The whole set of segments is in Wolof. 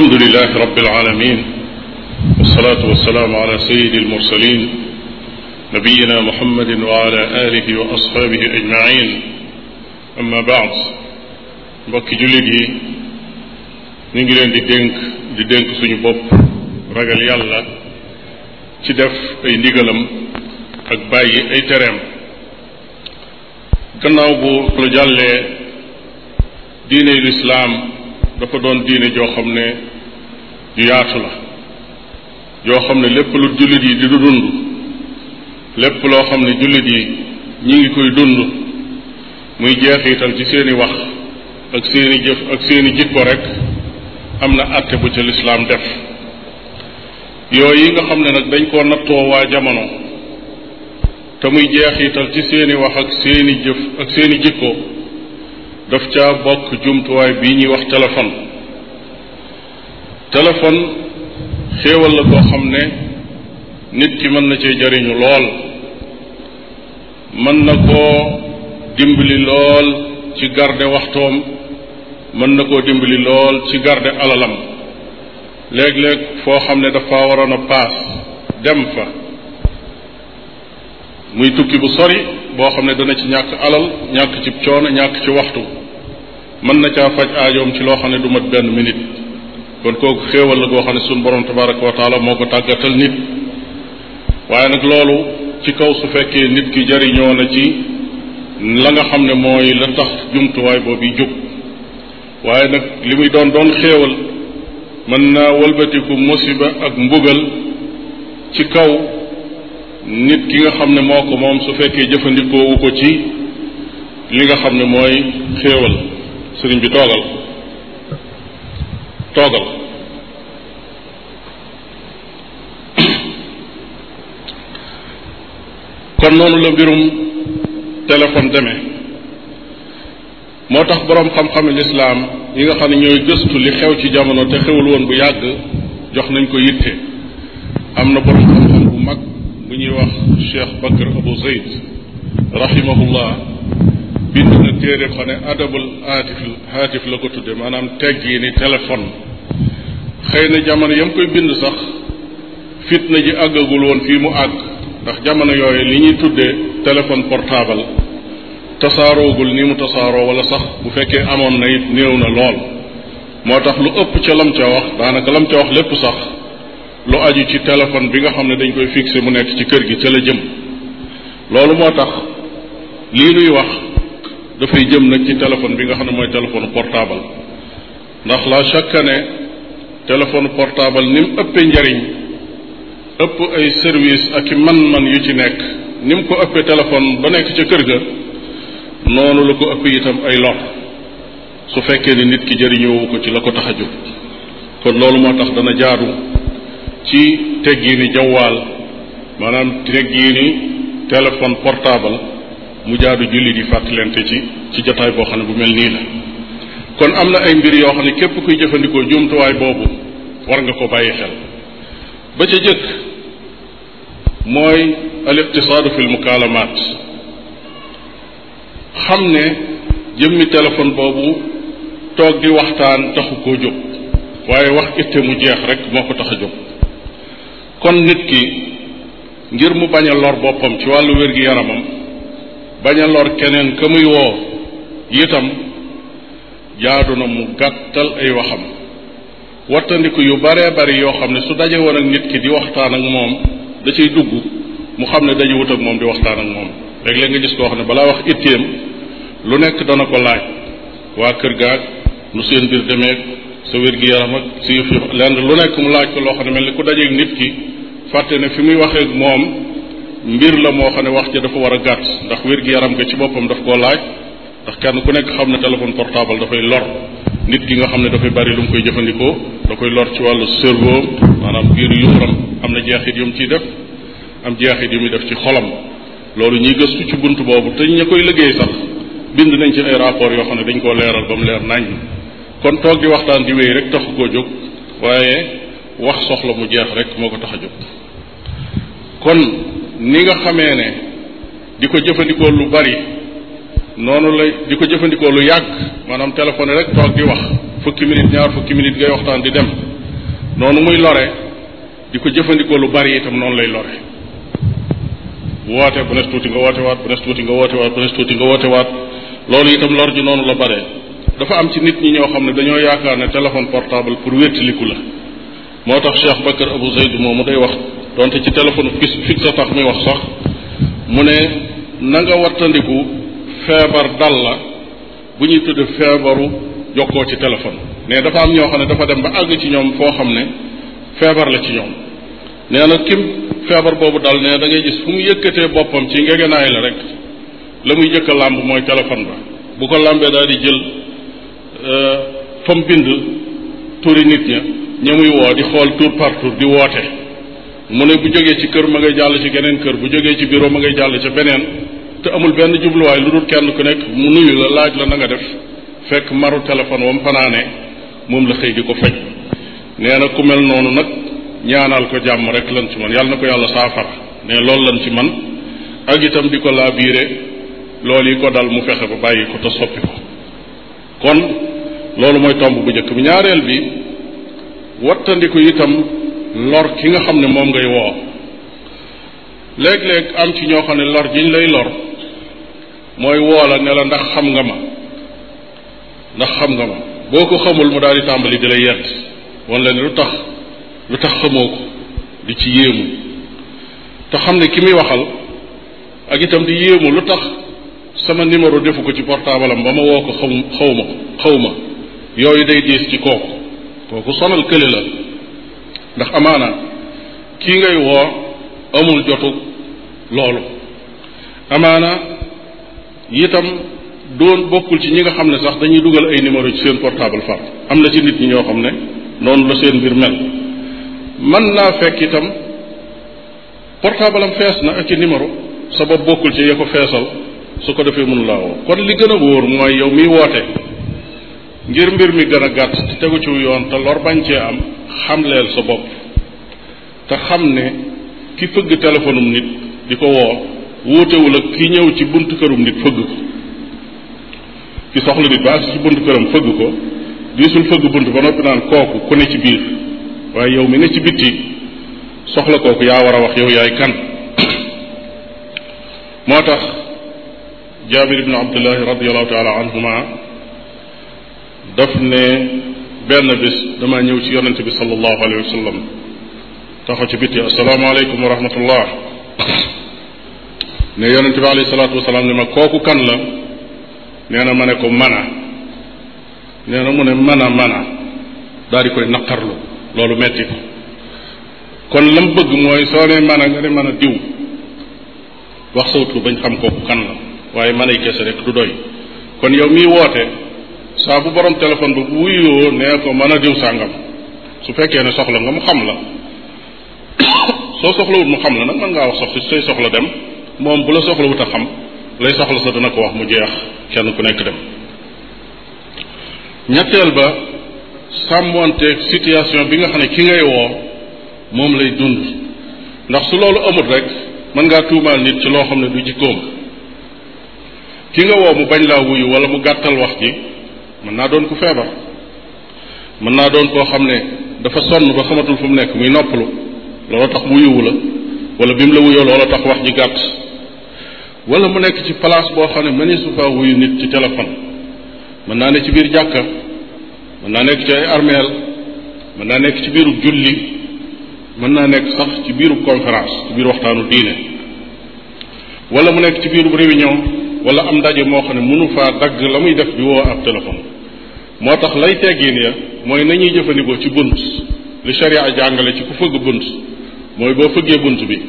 alhamdulilah rabil aalamiin wasalaatu wasalaam ala sayyidi almursaliin nabiyina muhammadin wa ala aalihi wa ashaabihi ajmaïn amma baad mbokki jullit yi ñu ngi leen di dénk di dénk suñu bopp ragal yàlla ci def ay ndigalam ak bàyyi ay tereem gannaaw bu lu jàllee diine lislaam dafa doon diine joo xam ne ju yaatu la yoo xam ne lépp lu jullit yi di du dund lépp loo xam ne jullit yi ñi ngi koy dund muy jeexital ci seeni wax ak seeni jëf ak seeni jikko rek am na àtte bu ca lislaam def yooyu yi nga xam ne nag dañ koo nattoo waa jamono te muy jeexital ci seeni wax ak seeni seeni jikko daf caa bokk jumtuwaay bii ñuy wax téléphone téléphone xéewal la koo xam ne nit ki mën na cee jariñu lool mën na koo dimbali lool ci garde waxtoom mën na koo dimbali lool ci garde alalam léeg-léeg foo xam ne dafa waroon a paas dem fa muy tukki bu sori boo xam ne dana ci ñàkk alal ñàkk ci coono ñàkk ci waxtu mën na caa faj aajoom ci loo xam ne du mat benn minute kon kooku xéewal la goo xam ne suñu borom tabaraka wa taala moo ko tàggatal nit waaye nag loolu ci kaw su fekkee nit ki jariñoo na ci la nga xam ne mooy la tax jumtuwaay boobu jóg waaye nag li muy doon doon xéewal mën naa wëlbatiku musiba ak mbugal ci kaw nit ki nga xam ne moo ko moom su fekkee jëfandikoowu ko ci li nga xam ne mooy xéewal sëriñ bi toogal toogal kon noonu la mbirum téléphone deme moo tax boroom xam-xami lislaam yi nga xam ne ñooy gëstu li xew ci jamono te xewul woon bu yàgg jox nañ ko yitte am na boroom xam-xam bu mag bu ñuy wax Cheikh Bakr Abu Zayd rahimahullah bind na téere ko ne adabul haatif haatif la ko tudde maanaam teggiini téléphone xëy na jamono yam koy bind sax fitna ji àggagul woon fii mu àgg ndax jamono yooyu li ñuy tuddee téléphone portable tasaaroogul nii mu tasaaroo wala sax bu fekkee amoon na it néew na lool moo tax lu ëpp ca lam ca wax daanaka lam ca wax lépp sax lu aju ci téléphone bi nga xam ne dañ koy fixé mu nekk ci kër gi ca la jëm loolu moo tax lii nuy wax dafay jëm nag ci téléphone bi nga xam ne mooy téléphone portaabal ndax la chaque ne téléphone portable ni ëpp njariñ ëpp ay service ak i man-man yu ci nekk nim ko ëpp téléphone ba nekk ca kër ga noonu la ko ëpp itam ay lor su fekkee ne nit ki jëriñoowu ko ci la ko tax a jóg kon loolu moo tax dana jaadu ci teggiini jawaal maanaam teggiini téléphone portaabal mu jaadu jullit yi fàttalante ci ci jotaay boo xam ne bu mel nii la kon am na ay mbir yoo xam ne képp kuy jëfandikoo jumtuwaay boobu war nga ko bàyyi xel ba ca jëkk mooy al iqtisaadu fi l mukaalamaat xam ne jëmmi téléphone boobu toog di waxtaan taxu koo jóg waaye wax itte mu jeex rek moo ko tax a jóg kon nit ki ngir mu bañ a lor boppam ci wàllu wér-gi-yaramam bañ a keneen ka muy woo itam jaadu na mu gàttal ay waxam wattandiku yu baree bari yoo xam ne su daje woon ak nit ki di waxtaan ak moom da ciy dugg mu xam ne daje wut ak moom di waxtaan ak moom léeg leen nga gis koo xam ne balaa wax itteem lu nekk dana ko laaj waa kër gaag nu seen biir demeeg sa wér-gi-yaram ak si lenn lu nekk mu laaj ko loo ne mel ni ku dajeeg nit ki fàtte ne fi muy waxee ak moom mbir la moo xam ne wax ja dafa war a gàtt ndax wér gi yaram nga ci boppam daf koo laaj ndax kenn ku nekk xam ne téléphone portable dafay lor nit ki nga xam ne dafay bari lu mu koy jëfandikoo da koy lor ci wàllu servo maanaam biir yuuram am na jeex yu mu ciy def am jeex jeexit yu muy def ci xolam loolu ñuy gëstu ci bunt boobu te ña koy liggéey sax bind nañ ci ay rapport yoo xam ne dañ koo leeral ba mu leer nañ kon toog di waxtaan di wéy rek taxu koo jóg waaye wax soxla mu jeex rek moo ko tax a jóg ni nga xamee ne di ko jëfandikoo lu bari noonu lay di ko jëfandikoo lu yàgg maanaam téléphone rek toog di wax fukki minute ñaar fukki minute ngay waxtaan di dem noonu muy lore di ko jëfandikoo lu bari itam noonu lay lore woote bu nes tuuti nga woote waat bu nes tuuti nga woote waat bu nes tuuti nga woote waat loolu itam lor ji noonu la bare dafa am ci nit ñi ñoo xam ne dañoo yaakaar ne téléphone portable pour wéttaliku la moo tax Cheikh Bakar Abou Zayd mu day wax donte ci téléphone fixe tax muy wax sax mu ne na nga wattandiku feebar dal la bu ñuy tudd feebaru jokkoo ci téléphone mais dafa am ñoo xam ne dafa dem ba àgg ci ñoom foo xam ne feebar la ci ñoom nee na kim feebar boobu dal nee da ngay gis fu mu yëkkatee boppam ci ngegenaay la rek la muy jëkk a làmb mooy téléphone ba bu ko làmbee daal di jël euh, fa mu bind turi nit ña ña muy woo di xool tour par tour di woote mu ne bu jógee ci kër ma ngay jàll ci geneen kër bu jógee ci bureau ma ngay jàll ca beneen te amul benn jubluwaay lu dul kenn ku nekk mu nuyu la laaj la na nga def fekk maru téléphone wam fanaane moom la xëy di ko faj nee nag ku mel noonu nag ñaanal ko jàmm rek lan ci man yàlla na ko yàlla saafara ne loolu lan ci man ak itam di ko laabiire loolu yi ko dal mu fexe ba bàyyi ko te soppi ko kon loolu mooy tomb bu njëkk bi ñaareel bi wattandiku itam lor ki nga xam ne moom ngay woo léeg-léeg am ci ñoo xam ne lor jiñ lay lor mooy woo la ne la ndax xam nga ma ndax xam nga ma boo ko xamul mu daal di tàmbali di la yedd wan la ne lu tax lu tax xamoo ko di ci yéemu te xam ne ki muy waxal ak itam di yéemu lu tax sama numéro defu ko ci portable am ba ma woo ko xaw xaw ma xaw ma yooyu day diis ci kooku kooku sonal kële la ndax amaana kii ngay woo amul jotu loolu amaana itam doon bokkul ci ñi nga xam ne sax dañuy dugal ay numéro ci seen portable far am na ci nit ñi ñoo xam ne noonu la seen mbir mel mën naa fekk itam portable am fees na ak i numéro sa bokkul ci ya ko feesal su ko defee mënu laa woo kon li gën a wóor mooy yow mi woote ngir mbir mi gën a gàtt tegu ci yoon te lor bañ cee am xamleel sa bopp te xam ne ki fëgg téléphonum nit di ko woo wuutewul ak ki ñëw ci bunt kërum nit fëgg ko ki soxla nit ba ci buntu këram fëgg ko diisul fëgg bunt ba noppi naan kooku ku ne ci biir waaye yow mi ne ci bitti soxla kooku yaa war a wax yow yaay kan moo tax jaabir ibnu abdullahi radiallahu taala anhuma daf ne benn bis dama ñëw ci yonente bi sallallahu alayhi wa sallam taxaw ci bitti asalaamaaleykum wa rahmatullah ne yonente bi alayhi salaatu wasalaam ne ma kooku kan la nee na mane ko mana nee na mu ne mana mana daal di koy naqarlu loolu metti kon lam bëgg mooy soo ne mana nga ne mën a diw wax sawut lu bañ xam kooku kan la waaye manay kese rek du doy kon yow miy woote saa bu boroom téléphone bi wuyoo nee ko mën a diw sàngam su fekkee ne soxla nga mu xam la soo soxlawut mu xam la nag mën ngaa wax sox si say soxla dem moom bu la soxlawut a xam lay soxla sa dana ko wax mu jeex kenn ku nekk dem ñetteel ba sàmmoonteeg situation bi nga xam ne ki ngay woo moom lay dund ndax su loolu amut rek mën ngaa tuumaal nit ci loo xam ne du jikkoom ki nga woo mu bañ laa wuyu wala mu gàttal wax ji mën naa doon ku feebar mën naa doon koo xam ne dafa sonn ba xamatul fu mu nekk muy noppalu loola tax wuyuwu la wala bi mu la wuyoo loola tax wax ji gàtt wala mu nekk ci palaas boo xam ne mënee su nit ci téléphone mën naa ne ci biir jàkka mën naa nekk ci armeel mën naa nekk ci biiru julli mën naa nekk biiru conférence biir waxtaanu diine wala mu nekk ci biiru réunion wala am ndaje moo xam ne mënu faa dagg la muy def di woo ab téléphone moo tax lay teggiin ya mooy nañuy jëfandikoo ci bunt lu sharia jàngale ci ku fëgg bunt mooy boo fëggee bunt bi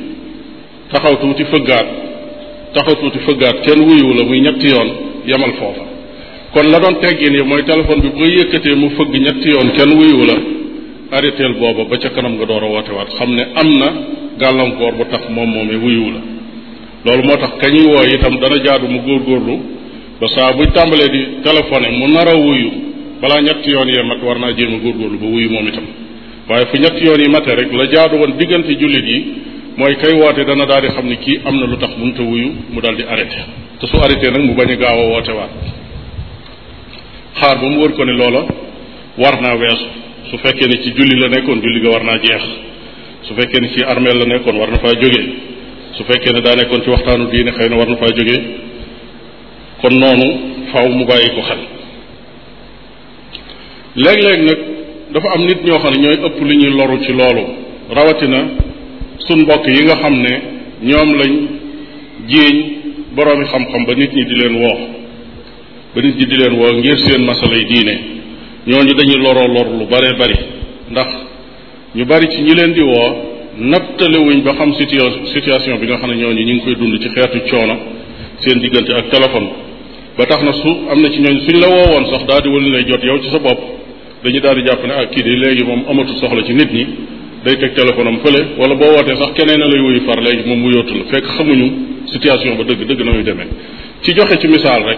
taxaw tuuti fëggaat taxaw tuuti fëggaat kenn wuyu la muy ñetti yoon yemal foofa kon la doon teggiin ya mooy téléphone bi boo yëkkatee mu fëgg ñetti yoon kenn wuyu la arrêteel booba ba ca kanam nga door a woote waat xam ne am na gàllankoor bu tax moom moomee wuyu la loolu moo tax kañuy wooy itam dana jaadu mu góorgóorlu ba saa buy tàmbalee di téléphoné mu nar a balaa ñett yoon yee mat war naa jéema góor góorgóorlu ba wuyu moom itam waaye fu ñett yoon yi mate rek la jaadu woon diggante jullit yi mooy kay woote dana daal di xam ni kii am na lu tax mënta wuyu mu daal di arrêté te su arrêté nag mu bañ a gaaw a woote waat xaar ba mu wër ko ne loola war naa weesu su fekkee ne ci julli la nekkoon julli ga war naa jeex su fekkee ne ci armeel la nekkoon war na faa jóge su fekkee ne daa nekkoon ci waxtaanu diine xëy na war na faa jógee kon noonu faaw mu bàyyi ko xel léeg-léeg nag dafa am nit ñoo xam ne ñooy ëpp li ñuy loru ci loolu rawatina suñ mbokk yi nga xam ne ñoom lañ jiiñ boroomi xam-xam ba nit ñi di leen woo ba nit ñi di leen woo ngir seen masalay diine ñooñu dañuy loroo lor lu bare bari ndax ñu bari ci ñi leen di woo nattalewuñ ba xam situation bi nga xam ne ñooñu ñu ngi koy dund ci xeetu coono seen diggante ak téléphone ba tax na su am na ci ñooñu suñ la woo woon sax daal di wëli lay jot yow ci sa bopp dañu daal di jàpp ne ak ah, kii de léegi moom amatu soxla ci nit ñi day teg téléphone fële wala boo wootee sax keneen a lay wuyu far léegi moom mu yóotu la fekk xamuñu situation ba dëgg dëgg na muy demee ci joxe ci misaal rek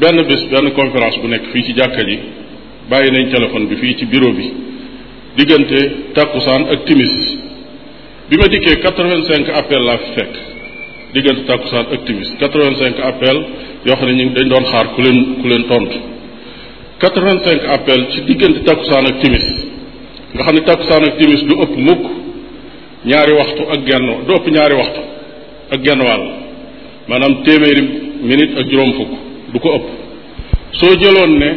benn bés benn conférence bu nekk fii ci jàkka ji bàyyi nañ téléphone bi fii ci bureau bi diggante tàkkusaan ak timis bi ma dikkee quatre-vingt-cinq appel laa fi fekk diggante tàkkusaan ak timis appel yoo xam ne ñu dañ doon xaar ku leen ku leen tontu quatre-vingt-cinq appel ci diggante takkusaan ak timis nga xam ne takkusaan ak timis du ëpp mukk ñaari waxtu ak genn du ñaari waxtu ak genn wàll maanaam téeméeri minute ak juróom fukk du ko ëpp soo jëloon ne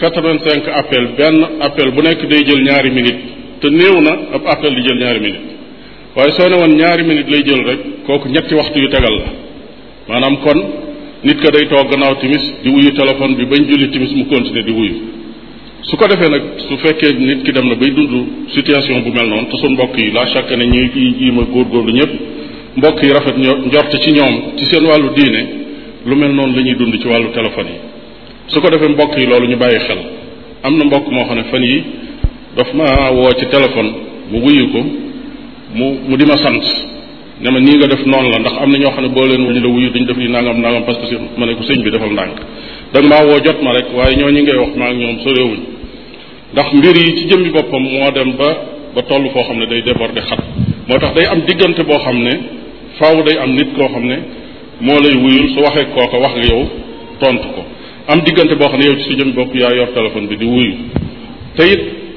quatre-vingt-cinq appel benn appel bu nekk day jël ñaari minute te néew na ab appel di jël ñaari minute waaye soo ne woon ñaari minute lay jël rek kooku ñetti waxtu yu tegal la maanaam kon nit ka day toog gannaaw timis di wuyu téléphone bi bañ julli timis mu continuer di wuyu su ko defee nag su fekkee nit ki dem na bay dundu situation bu mel noonu te suñ mbokk yi la chaque ne ñuy jiima góorgóorlu ñëpp mbokk yi rafet njort ci ñoom ci seen wàllu diine lu mel noonu la dund ci wàllu téléphone yi su ko defee mbokk yi loolu ñu bàyyi xel am na mbokk moo xam ne fan yi daf ma woo ci téléphone mu wuyu ko mu mu di ma sant ne ma nii nga def noonu la ndax am na ñoo xam ne boo leen wuñ la wuyu dañ def li nangam nangam parce que ma ne ko sëñ bi defal ndànk da nga jot ma rek waaye ñoo ñi ngay wax maa ngi ñoom soreewuñ ndax mbir yi ci jëmmi boppam moo dem ba ba toll foo xam ne day déborder xat moo tax day am diggante boo xam ne faaw day am nit koo xam ne moo lay wuyul su waxee kooka wax nga yow tontu ko am diggante boo xam ne yow ci sa jëmmi bopp yaa yor téléphone bi di wuyu te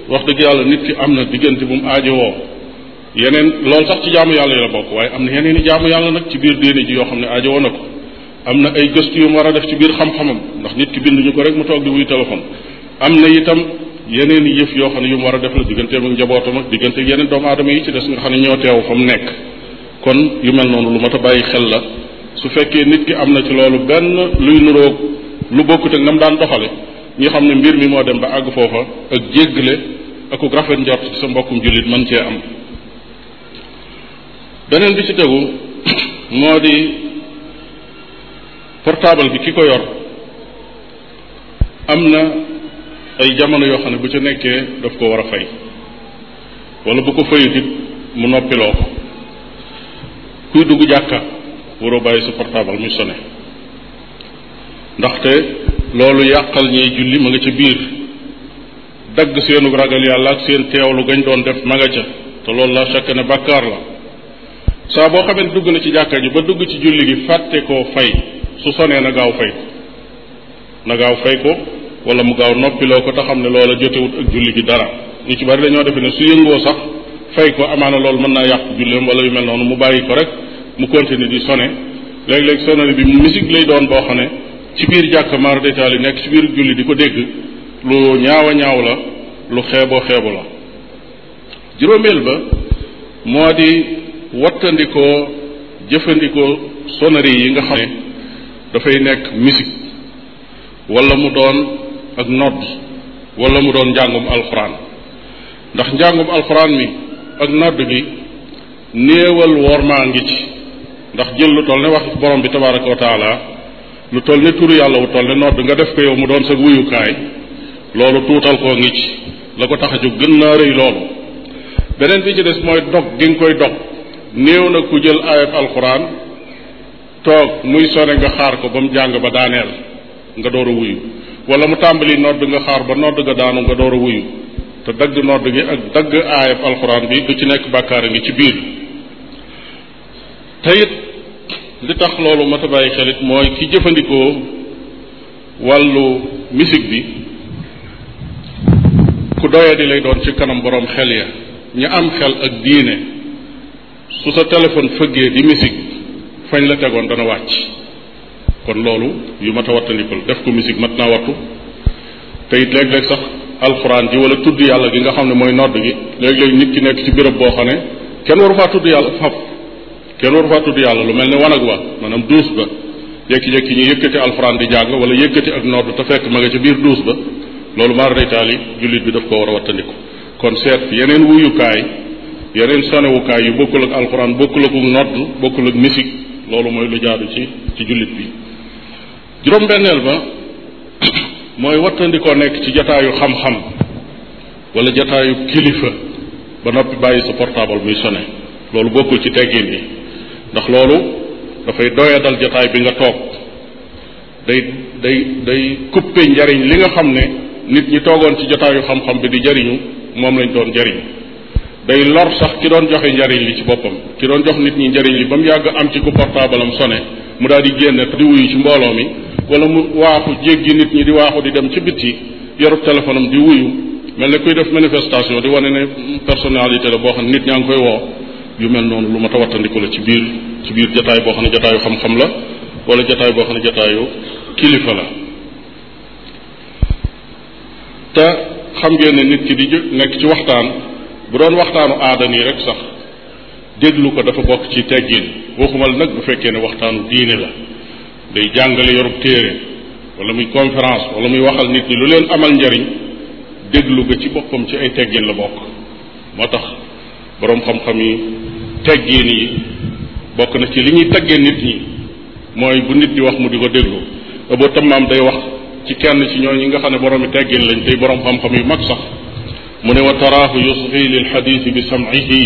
wax dëgg yàlla nit ki am na diggante bu mu woo yeneen loolu sax ci jaamu yàlla yi la bokk waaye am na yeneen i jaamu yàlla nag ci biir diine ji yoo xam ne aajowoo na ko am na ay gëstu yu mu war a def ci biir xam-xamam ndax nit ki binduñu ko rek mu toog di wuy téléphone am na itam yeneen i yëf yoo xam ne yu mu war a def la digganteem ak njabootam ak diggante yeneen doomu aadama yi ci des nga xam ne ñoo teew fa mu nekk kon yu mel noonu lu mat a bàyyi xel la su fekkee nit ki am na ci loolu benn luy nuroo lu bokkut ak nam daan doxale ñi xam ne mbir mi moo dem ba àgg foofa ak jéggle akuk rafet njort sa mbokkum jullit mën cee am beneen bi ci tegu moo di portable bi ki ko yor am na ay jamono yoo xam ne bu ca nekkee daf ko war a fay wala bu ko fayut it mu noppiloo ko kuy dugg jàkka waroo bàyyi sa portable muy sone ndaxte loolu yàqal ñiy julli ma nga ca biir dagg seenu ragal yàlla ak seen teewlu gañ doon def ma nga ca te loolu la chaque ne bàkkaar la saa boo xamee dugg na ci jàkka ji ba dugg ci julli gi fàtte koo fay su sonee na gaaw fay ko na gaaw fay ko walla mu gaaw noppiloo ko te xam ne loola jotewut ak julli gi dara ñu ci bari dañoo defe ne su yëngoo sax fay ko amaana loolu mën naa yàq julleem wala yu mel noonu mu bàyyi ko rek mu continuer di sone léeg-léeg sonnerie bi musique lay doon boo xam ne ci biir jàkka maar détail yi nekk ci biir julli di ko dégg lu ñaaw ñaaw la lu xeeboo xeebu la juróomeel di wattandikoo jëfandikoo sonnerie yi nga xam ne dafay nekk musique wala mu doon ak nodd wala mu doon njàngum alxuraan ndax njàngum alxuraan mi ak nodd gi néewal wormaa ngi ci ndax jël lu toll ne wax borom bi tabaraka wa taala lu toll ne turu yàlla wu toll ne nodd nga def ko yow mu doon sa wuyukaay loolu tuutal koo ngi ci la ko tax a jóg gën naa rëy loolu beneen bi ci des mooy dog gi nga koy dog néew na ku jël ayab alxuraan toog muy sone nga xaar ko ba mu jàng ba daaneel nga door a wuyu wala mu tàmbali nodd nga xaar ba nodd ga daanu nga door a wuyu te dagg nodd gi ak dagg aayab alxuraan bi du ci nekk bàkkaar a ngi ci biir te li tax loolu mat a bàyyi xelit mooy ki jëfandikoo wàllu musique bi ku doyadi lay doon ci kanam boroom xel ya ñu am xel ak diine su sa téléphone fëggee di musique fañ la tegoon dana wàcc kon loolu yu mat a wattandikul def ko musique mat naa wattu te it léeg-léeg sax alxuraan ji wala tudd yàlla gi nga xam ne mooy nodd gi léeg-léeg nit ki nekk ci bërëb boo xam ne kenn waru faa tudd yàlla faf kenn waru faa tudd yàlla lu mel ne wanag wa maanaam duus ba jékki-jékki ñu yëkkati alxuraan di jàng wala yëkkati ak nodd te fekk ma nga ca biir duus ba loolu maar day taali jullit bi daf ko war a wattandiku kon seet yeneen wuyukaay yeneen sonewukaay yu bokkul ak alxuraan bokkul ak nodd bokkul ak misik loolu mooy lu jaadu ci ci jullit bi juróom-benneel ba mooy wattandikoo nekk ci jataayu xam-xam wala jataayu kilifa ba noppi bàyyi sa portable muy sone loolu bokkul ci teggin bi ndax loolu dafay doyadal jataay bi nga toog day day day couper njariñ li nga xam ne nit ñi toogoon ci jataayu xam-xam bi di jariñu moom lañ doon jariñ day lor sax ki doon joxe njariñ li ci boppam ki doon jox nit ñi njariñ li ba mu yàgg am ci ku portaabalam am sone mu daal di génn di wuyu ci mbooloo mi wala mu waaxu jéggi nit ñi di waaxu di dem ci bitti yorub téléphone am di wuyu mel ne kuy def manifestation di wane ne personnalité la boo xam ne nit ñaa ngi koy woo yu mel noonu lu ma ta wattandiku la ci biir ci biir jataay boo xam ne jataayu xam-xam la wala jataay boo xam ne jataayu kilifa la te xam ngeen ne nit ki di nekk ci waxtaan bu doon waxtaanu aada nii rek sax déglu ko dafa bokk ci teggin waxumal nag bu fekkee ne waxtaanu diine la day jàngale yorub téere wala muy conférence wala muy waxal nit ñi lu leen amal njariñ déglu ko ci boppam ci ay teggin la bokk moo tax boroom xam-xam yi teggin yi bokk na ci li ñuy teggee nit ñi mooy bu nit di wax mu di ko déglu ëboo tamaam day wax ci kenn ci ñooñu nga xam ne boroomi teggin lañ tey boroom xam-xam yu mag sax mu ne wa taraahu yusgi lil xadiisi bi samcihi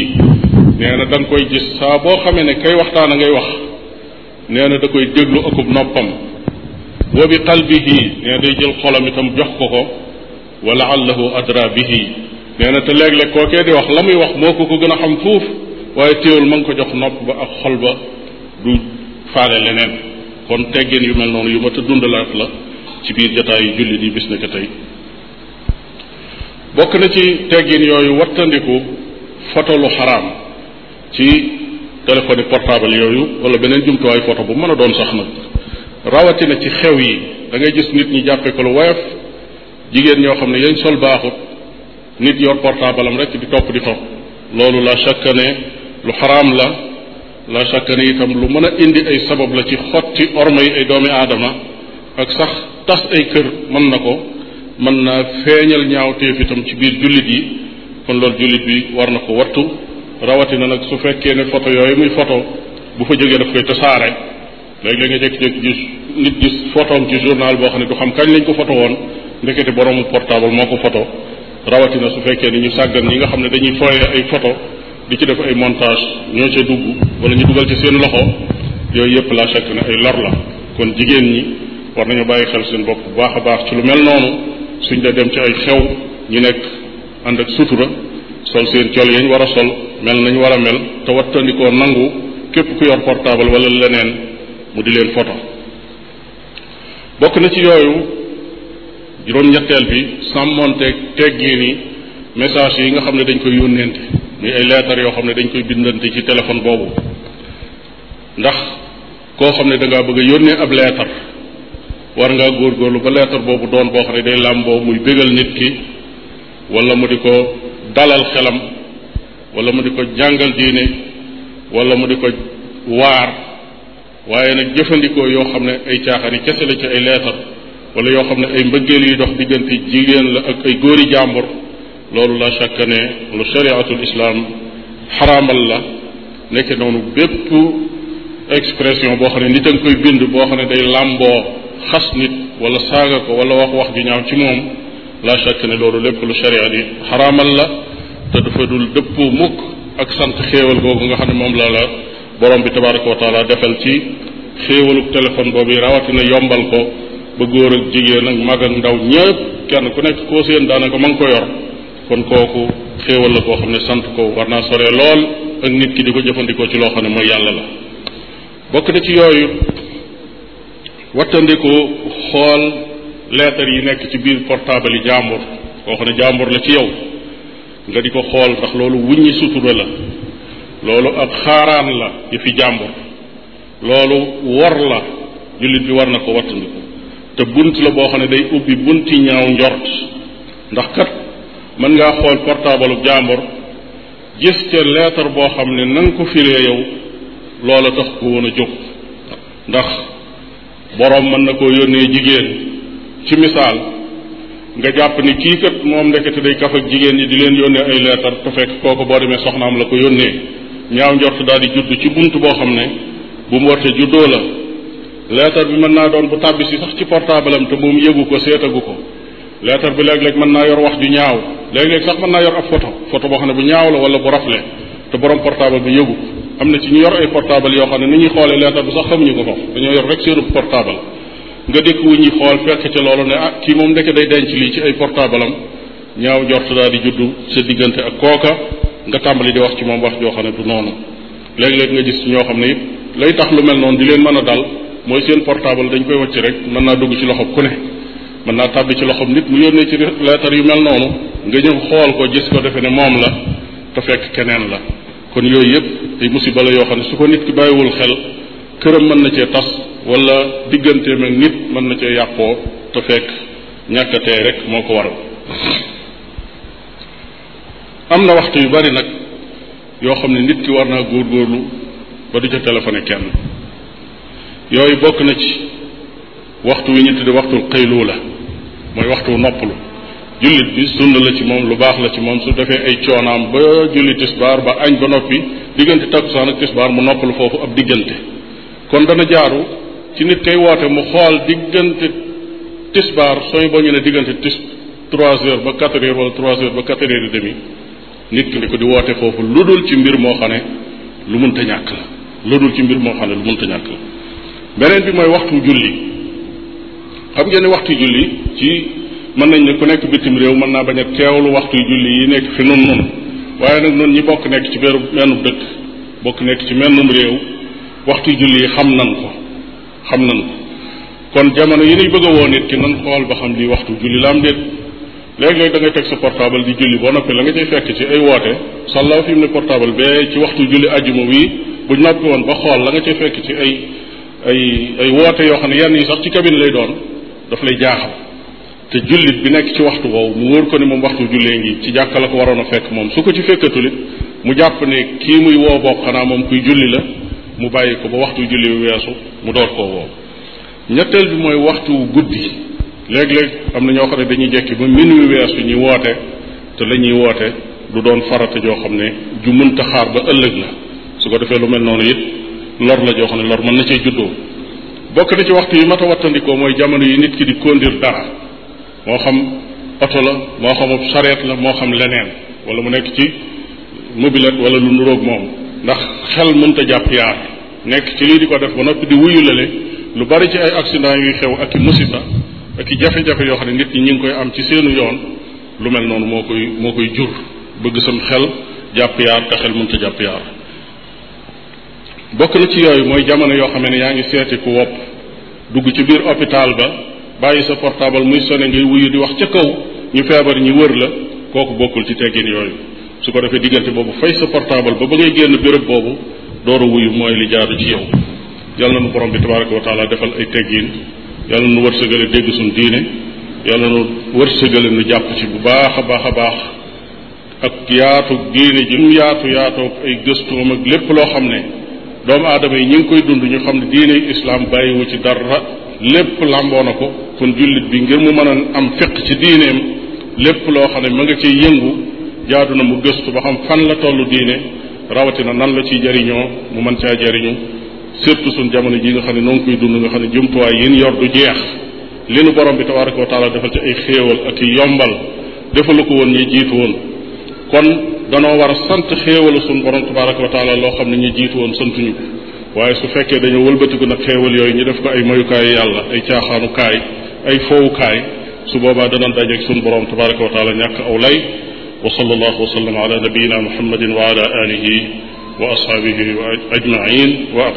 nee na da nga koy gis saa boo xamee ne kay waxtaan a ngay wax nee na da koy déglu akub noppam wa bi qalbihi nee jël xolam itam jox ko ko wa laallahu adra bihi nee na te léeg-léeg kookee di wax la muy wax moo ko ko gën a xam fuuf waaye téewul ma ngi ko jox nopp ba ak xol ba du faale leneen kon teggin yu mel noonu yu mat dund dundalaat la ci biir jotaayu jullit yi bis na ko tey bokk na ci teggin yooyu wattandiku photo lu xaraam ci téléphone portable yooyu wala beneen jumtuwaay photo bu mën a doon sax nag rawatina ci xew yi dangay gis nit ñi jàppe ko lu woyof jigéen ñoo xam ne yañ sol baaxut nit yor portable am rek di topp di topp loolu la chaque lu xaraam la la chaque itam lu mën a indi ay sabab la ci xotti orma yi ay doomi aadama ak sax tas ay kër mën na ko mën naa feeñal ñaawteef itam ci biir jullit yi kon loolu jullit bi war na ko wattu rawatina nag su fekkee ne photo yooyu muy photo bu fa jógee daf koy tasaare léeg-léeg nga jékki-jékki gis nit gis photoom ci boo xam ne du xam kañ lañ ko photo woon ndekete boroomu portable moo ko photo rawatina su fekkee ne ñu sàggan ñi nga xam ne dañuy fooye ay photo di ci def ay montage ñoo ca dugg wala ñu dugal ci seen loxo yooyu yëpp la chaque ne ay lor la kon jigéen ñi war nañu bàyyi xel seen bopp bu baax a baax ci lu mel noonu suñ da dem ci ay xew ñu nekk ànd ak sutura sol seen col yañ war a sol mel nañ war a mel te wattandikoo nangu képp ku yor portable wala leneen mu di leen photo bokk na ci yooyu juróom-ñetteel bi sàmmonteeg teggii ni message yi nga xam ne dañ koy yónnente muy ay leetar yoo xam ne dañ koy bindante ci téléphone boobu ndax koo xam ne da ngaa bëgg a yónnee ab leetar war ngaa góorgóorlu ba lettre boobu doon boo xam ne day làmboo muy bégal nit ki wala mu di ko dalal xelam wala mu di ko jàngal diine wala mu di ko waar waaye nag jëfandikoo yoo xam ne ay caaxaan yi kese la ci ay leetar wala yoo xam ne ay mbëggeel yuy dox diggante jigéen la ak ay góori jàmbur loolu la shakka ne lu shariatul islam xaraamal la nekk noonu bépp expression boo xam ne nit a nga koy bind boo xam ne day làmboo xas nit wala saaga ko wala wax wax ju ñaaw ci moom la shakk ne loolu lépp lu sharia di xaraamal la te dafa dul dëppoo mukk ak sant xéewal googu nga xam ne moom la la borom bi tabaraka wa taala defal ci xéewaluk téléphone boobu rawatina yombal ko ba góor ak jigéen ak mag ak ndaw ñëpp kenn ku nekk koo seen daanaka ma ngi ko yor kon kooku xéewal la koo xam ne sant ko war naa sore lool ak nit ki di ko jëfandikoo ci loo xam ne mooy yàlla la bokk na ci yooyu wattandikoo xool leetar yi nekk ci biir portable yi jàmbur koo xam ne jàmbur la ci yow nga di ko xool ndax loolu wuññi sutura la loolu ak xaaraan la yu fi jàmbur loolu wor la jullit bi war na ko wattandiku te bunt la boo xam ne day ubbi bunti ñaaw njort ndax kat mën ngaa xool portable bu jàmbur gis ca leetar boo xam ne na ko firee yow loola tax ko woon a jóg ndax boroom mën na koo yónnee jigéen ci misaal nga jàpp ni kii kat moom ndekete day kaf ak jigéen ñi di leen yónnee ay leetar te fekk kooku boo demee soxnaam la ko yónnee ñaaw njort daal di judd ci bunt boo xam ne bu mu warte juddoo la leetar bi mën naa doon bu tàbbi si sax ci portable am te moom yëgu ko seetagu ko leetar bi léeg-léeg mën naa yor wax ju ñaaw léeg-léeg sax mën naa yor ab photo photo boo xam ne bu ñaaw la wala bu rafle te borom portable bi yëgu ko am na ci ñu yor ay portable yoo xam ne ni ñuy xoolee leetar bu sax xamuñu ko foofu dañoo yor rek seenu portable nga dékk wu ñuy xool fekk ca loolu ne ah kii moom ndeke day denc lii ci ay portable ñaaw jort daal di juddu sa diggante ak kooka nga tàmbali di wax ci moom wax joo xam ne du noonu léegi léeg nga gis ñoo xam ne it lay tax lu mel noonu di leen mën a dal mooy seen portable dañ koy wàcc rek mën naa dugg ci loxob ku ne mën naa tàbbi ci loxob nit mu yónnee ci leetar yu mel noonu nga ñëw xool ko gis ko defe ne moom la te fekk keneen la kon yooyu yëpp ay musiba la yoo xam ne su ko nit ki bàyyiwul xel këram mën na cee tas wala digganteem ak nit mën na cee yàqoo te fekk ñàkk a rek moo ko waral am na waxtu yu bari nag yoo xam ne nit ki war naa góorgóorlu ba du ca téléphoné kenn yooyu bokk na ci waxtu wi ñu tudde waxtu xëyluu la mooy waxtu noppalu jullit bi sunna la ci moom lu baax la ci moom su defee ay coonaam ba julli tisbaar ba añ ba noppi diggante takkusaan ak tisbaar mu noppalu foofu ab diggante kon dana jaaru ci nit kay woote mu xool diggante tisbaar sooy ba ñu ne diggante tis trois heures ba quatre heures wala trois heures ba quatre heures demi nit ki di ko di woote foofu lu dul ci mbir moo xam ne lu munta ñàkk la lu dul ci mbir moo xam ne lu munta ñàkk la beneen bi mooy waxtu julli xam ngeen ne mën nañ ne ku nekk bitim réew mën naa bañ a teewlu waxtu julli yi nekk fi nun nun waaye nag nun ñi bokk nekk ci beru mennub dëkk bokk nekk ci mennum réew waxtu julli yi xam nan ko xam nan ko kon jamono yi nuy bëgg a woo nit ki nan xool ba xam lii waxtu julli laam am déet léeg-léeg da teg sa portable di julli boo noppi la nga cay fekk ci ay woote sàllaw fi mu ne portaabal bee ci waxtu julli ajjuma wii bu noppi woon ba xool la nga cay fekk ci ay ay ay woote yoo xam ne yenn yi sax ci cabine lay doon daf lay jaaxal te jullit bi nekk ci waxtu woowu mu wóor ko ne moom waxtu jullee ngi ci jàkka la ko waroon a fekk moom su ko ci fekkatul it mu jàpp ne kii muy woo bokk xanaa moom julli la mu bàyyi ko ba waxtu julli bi weesu mu door koo woo ñetteel bi mooy waxtu guddi léeg-léeg am na ñoo xam ne dañuy jekki ba minuit weesu ñi woote te la ñuy woote du doon farata joo xam ne ju mënta xaar ba ëllëg la su ko defee lu mel noonu it lor la joo xam ne lor mën na cee juddoo bokk na ci waxtu yi mat a wattandikoo mooy jamono yi nit ki di conduire dara moo xam oto la moo xam sareet la moo xam leneen wala mu nekk ci mobilette walla lu nuroog moom ndax xel mënta jàpp yaar nekk ci lii di ko def ba noppi di wuyu lale lu bari ci ay accident yuy xew ak i musiba ak i jafe-jafe yoo xam ne nit ñi ñu ngi koy am ci seenu yoon lu mel noonu moo koy moo koy jur bëgg sam xel jàpp yaar te xel mënta jàpp yaar bokk na ci yooyu mooy jamono yoo xam ne yaa ngi seeti ku wopp dugg ci biir hôpital ba bàyyi sa portable muy sone ngay wuyu di wax ca kaw ñu feebar ñi wër la kooku bokkul ci teggin yooyu su ko defee diggante boobu fay sa portaabal ba ba ngay génn béréb boobu door a wuyu mooy li jaaru ci yow yàlla nañu borom bi tabaraka wa taala defal ay teggin yàlla nañu wërsëgale dégg suñu diine yàlla nañu wërsëgale nu jàpp ci bu baax a baax a baax ak yaatu diine ji mu yaatu yaatoog ay gëstuwam ak lépp loo xam ne doomu aadama yi ñu ngi koy dund ñu xam ne diine islaam bàyyiwu ci dara lépp làmboo na ko kon jullit bi ngir mu mën a am fiq ci diineem lépp loo xam ne mu nga ciy yëngu jaadu na mu gëstu ba xam fan la tollu diine rawatina nan la ciy jariñoo mu mën caa jariñu surtout sunu jamono ji nga xam ne noo ngi koy dund nga xam ne jumtuwaay yi ñu yor du jeex li nu borom bi tabaraka wa taala defal ci ay xéewal ak i yombal defalu ko woon ñi jiitu woon danoo war a sant xéewalu sunu borom tabaraka wa taala loo xam ne ñu jiitu woon santuñu ko waaye su fekkee dañoo wëlbatiku nag xéewal yooyu ñu def ko ay mayukaayu yàlla ay caaxaanukaay ay fowukaay su boobaa danañ dajeeg sunu borom tabaraka wa taala ñàkk aw lay wa sallallahu wa sallam ala nabiyina muhammadin wa ala alihi wa ashaabihi wa ajmain wa